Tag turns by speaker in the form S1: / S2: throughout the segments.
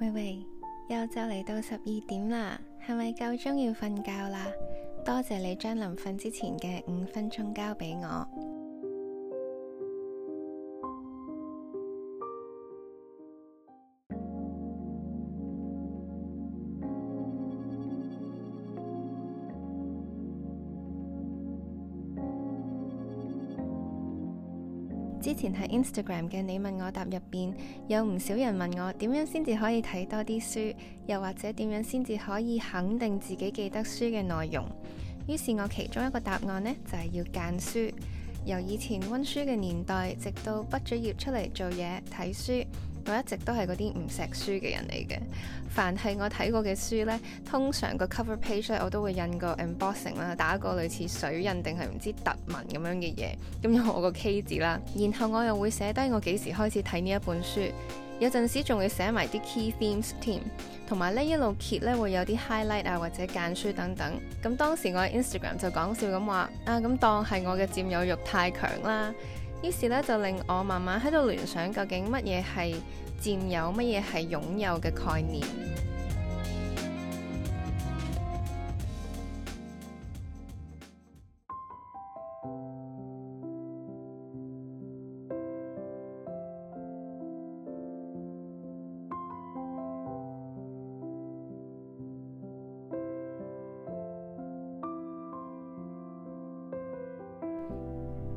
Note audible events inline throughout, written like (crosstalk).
S1: 喂喂，又就嚟到十二點啦，係咪夠鐘要瞓覺啦？多謝你將臨瞓之前嘅五分鐘交俾我。之前喺 Instagram 嘅你問我答入面，有唔少人問我點樣先至可以睇多啲書，又或者點樣先至可以肯定自己記得書嘅內容。於是我其中一個答案呢，就係、是、要間書，由以前溫書嘅年代，直到畢咗業出嚟做嘢睇書。我一直都係嗰啲唔錫書嘅人嚟嘅，凡係我睇過嘅書呢，通常個 cover page 咧我都會印個 embossing 啦，打個類似水印定係唔知凸紋咁樣嘅嘢，咁有我個 case 字啦。然後我又會寫低我幾時開始睇呢一本書，有陣時仲會寫埋啲 key themes 添，同埋呢一路揭呢會有啲 highlight 啊或者間書等等。咁當時我喺 Instagram 就講笑咁話啊，咁當係我嘅佔有慾太強啦。於是咧，就令我慢慢喺度聯想，究竟乜嘢係佔有，乜嘢係擁有嘅概念。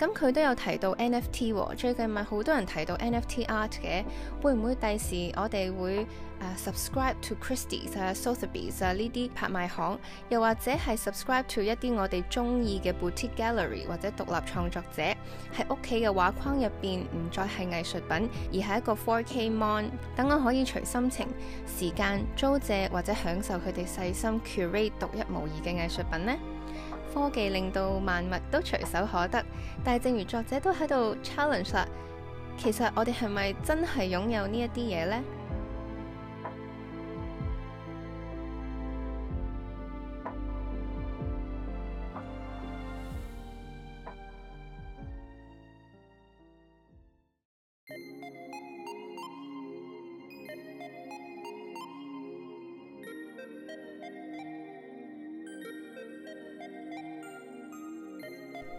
S1: 咁佢都有提到 NFT，最近咪好多人提到 NFT art 嘅，會唔會第時我哋會誒、呃、subscribe to Christie's 啊、uh,、Sotheby's 啊、uh, 呢啲拍賣行，又或者係 subscribe to 一啲我哋中意嘅 boutique gallery 或者獨立創作者，喺屋企嘅畫框入邊唔再係藝術品，而係一個 4K Mon，等我可以隨心情、時間租借或者享受佢哋細心 curate 獨一無二嘅藝術品呢？科技令到萬物都隨手可得，但係正如作者都喺度 challenge，其實我哋係咪真係擁有這些東西呢一啲嘢咧？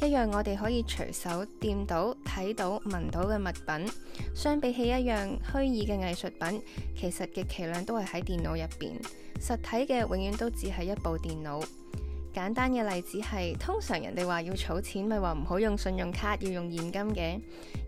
S1: 一樣我哋可以隨手掂到、睇到、聞到嘅物品，相比起一樣虛擬嘅藝術品，其實極其量都係喺電腦入邊。實體嘅永遠都只係一部電腦。簡單嘅例子係，通常人哋話要儲錢，咪話唔好用信用卡，要用現金嘅，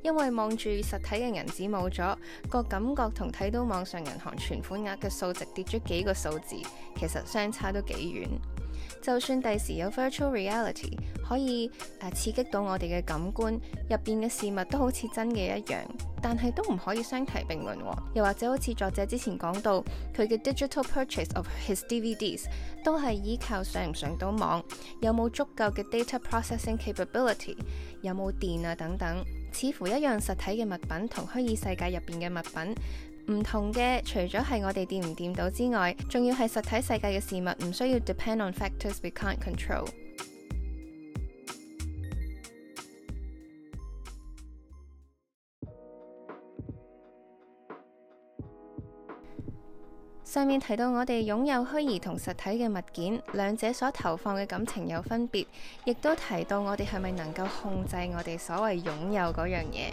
S1: 因為望住實體嘅銀紙冇咗，個感覺同睇到網上銀行存款額嘅數值跌咗幾個數字，其實相差都幾遠。就算第時有 virtual reality 可以誒、啊、刺激到我哋嘅感官，入面嘅事物都好似真嘅一樣，但係都唔可以相提並論喎。又或者好似作者之前講到，佢嘅 digital purchase of his DVDs 都係依靠上唔上到網，有冇足夠嘅 data processing capability，有冇電啊等等，似乎一樣實體嘅物品同虛擬世界入面嘅物品。唔同嘅，除咗係我哋掂唔掂到之外，仲要係實體世界嘅事物，唔需要 depend on factors we can't control。上面提到我哋擁有虛擬同實體嘅物件，兩者所投放嘅感情有分別，亦都提到我哋係咪能夠控制我哋所謂擁有嗰樣嘢。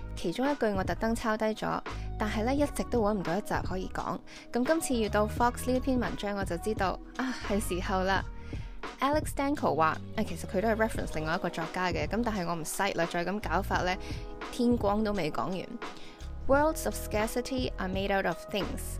S1: 其中一句我特登抄低咗，但係咧一直都揾唔到一集可以講。咁今次遇到 Fox 呢篇文章，我就知道啊係時候啦。Alex Danco 話，誒其實佢都係 reference 另外一個作家嘅，咁但係我唔 cite 啦，再咁搞法咧，天光都未講完。Worlds of scarcity are made out of things.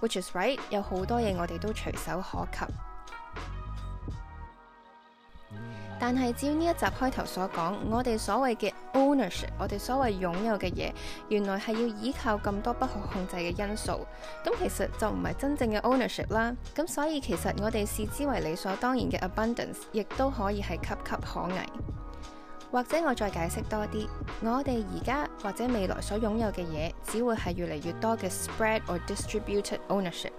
S1: Which is right？有好多嘢我哋都隨手可及，但係照呢一集開頭所講，我哋所謂嘅 ownership，我哋所謂擁有嘅嘢，原來係要依靠咁多不可控制嘅因素。咁其實就唔係真正嘅 ownership 啦。咁所以其實我哋視之為理所當然嘅 abundance，亦都可以係岌岌可危。或者我再解釋多啲，我哋而家或者未來所擁有嘅嘢，只會係越嚟越多嘅 spread or distributed ownership，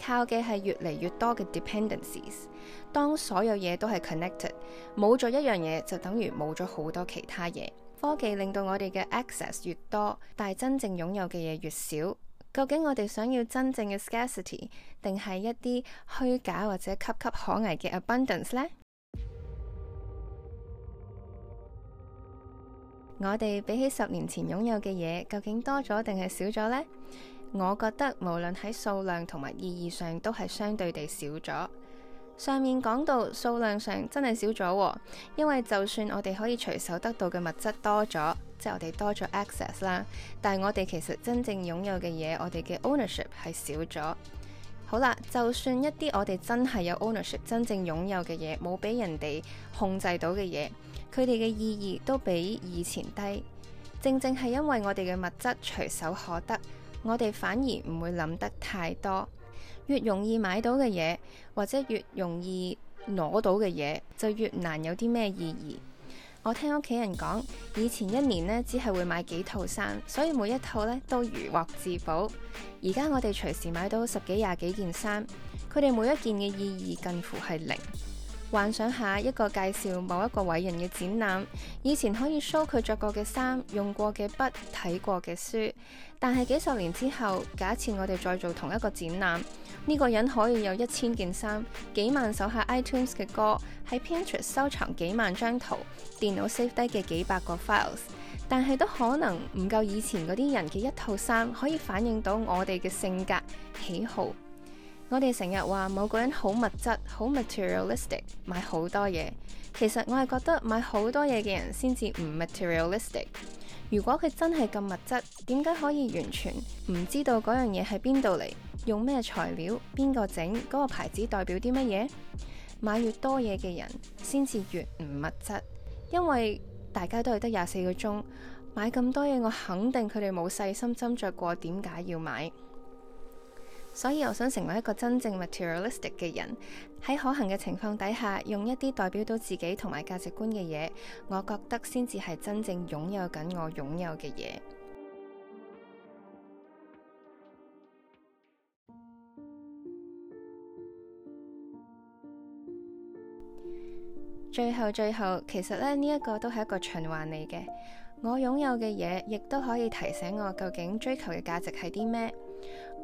S1: 靠嘅係越嚟越多嘅 dependencies。當所有嘢都係 connected，冇咗一樣嘢就等於冇咗好多其他嘢。科技令到我哋嘅 access 越多，但係真正擁有嘅嘢越少。究竟我哋想要真正嘅 scarcity，定係一啲虛假或者岌岌可危嘅 abundance 呢？我哋比起十年前擁有嘅嘢，究竟多咗定係少咗呢？我覺得無論喺數量同埋意義上，都係相對地少咗。上面講到數量上真係少咗啊，因為就算我哋可以隨手得到嘅物質多咗，即係我哋多咗 access 啦，但係我哋其實真正擁有嘅嘢，我哋嘅 ownership 係少咗。好啦，就算一啲我哋真係有 ownership 真正擁有嘅嘢，冇俾人哋控制到嘅嘢。佢哋嘅意義都比以前低，正正係因為我哋嘅物質隨手可得，我哋反而唔會諗得太多。越容易買到嘅嘢，或者越容易攞到嘅嘢，就越難有啲咩意義。我聽屋企人講，以前一年呢只係會買幾套衫，所以每一套呢都如獲至寶。而家我哋隨時買到十幾廿幾件衫，佢哋每一件嘅意義近乎係零。幻想下一個介紹某一個偉人嘅展覽，以前可以 show 佢着過嘅衫、用過嘅筆、睇過嘅書，但係幾十年之後，假設我哋再做同一個展覽，呢個人可以有一千件衫、幾萬首下 iTunes 嘅歌、喺 Pinterest 收藏幾萬張圖、電腦 save 低嘅幾百個 files，但係都可能唔夠以前嗰啲人嘅一套衫，可以反映到我哋嘅性格喜好。我哋成日話某個人好物質，好 materialistic，買好多嘢。其實我係覺得買好多嘢嘅人先至唔 materialistic。如果佢真係咁物質，點解可以完全唔知道嗰樣嘢係邊度嚟，用咩材料，邊個整，嗰個牌子代表啲乜嘢？買越多嘢嘅人，先至越唔物質。因為大家都係得廿四個鐘，買咁多嘢，我肯定佢哋冇細心斟酌過點解要買。所以我想成為一個真正 materialistic 嘅人，喺可行嘅情況底下，用一啲代表到自己同埋價值觀嘅嘢，我覺得先至係真正擁有緊我擁有嘅嘢。 (music) 最後，最後，其實咧呢一個都係一個循環嚟嘅。我擁有嘅嘢，亦都可以提醒我究竟追求嘅價值係啲咩。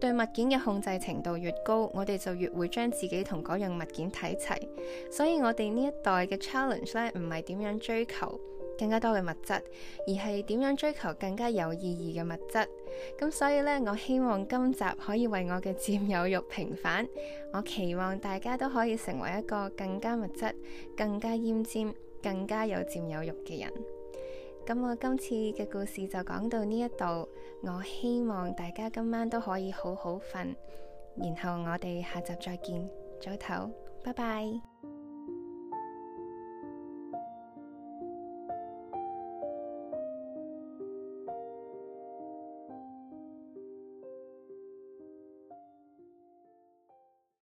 S1: 對物件嘅控制程度越高，我哋就越會將自己同嗰樣物件睇齊。所以我哋呢一代嘅 challenge 呢，唔係點樣追求更加多嘅物質，而係點樣追求更加有意義嘅物質。咁所以呢，我希望今集可以為我嘅佔有慾平反。我期望大家都可以成為一個更加物質、更加奄尖、更加有佔有慾嘅人。咁我今次嘅故事就講到呢一度，我希望大家今晚都可以好好瞓，然後我哋下集再見，早唞，拜拜。